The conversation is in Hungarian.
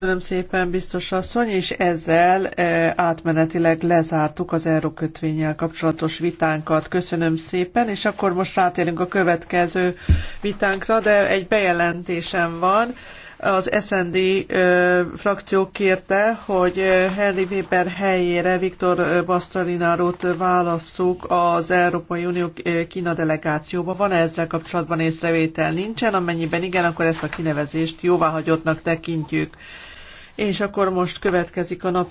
Köszönöm szépen, biztos asszony, és ezzel eh, átmenetileg lezártuk az eurókötvényel kapcsolatos vitánkat. Köszönöm szépen, és akkor most rátérünk a következő vitánkra, de egy bejelentésem van. Az SND frakció kérte, hogy Henry Weber helyére Viktor Basztalinárót válasszuk az Európai Unió Kína delegációba. Van -e ezzel kapcsolatban észrevétel? Nincsen, amennyiben igen, akkor ezt a kinevezést jóváhagyottnak tekintjük. És akkor most következik a nap.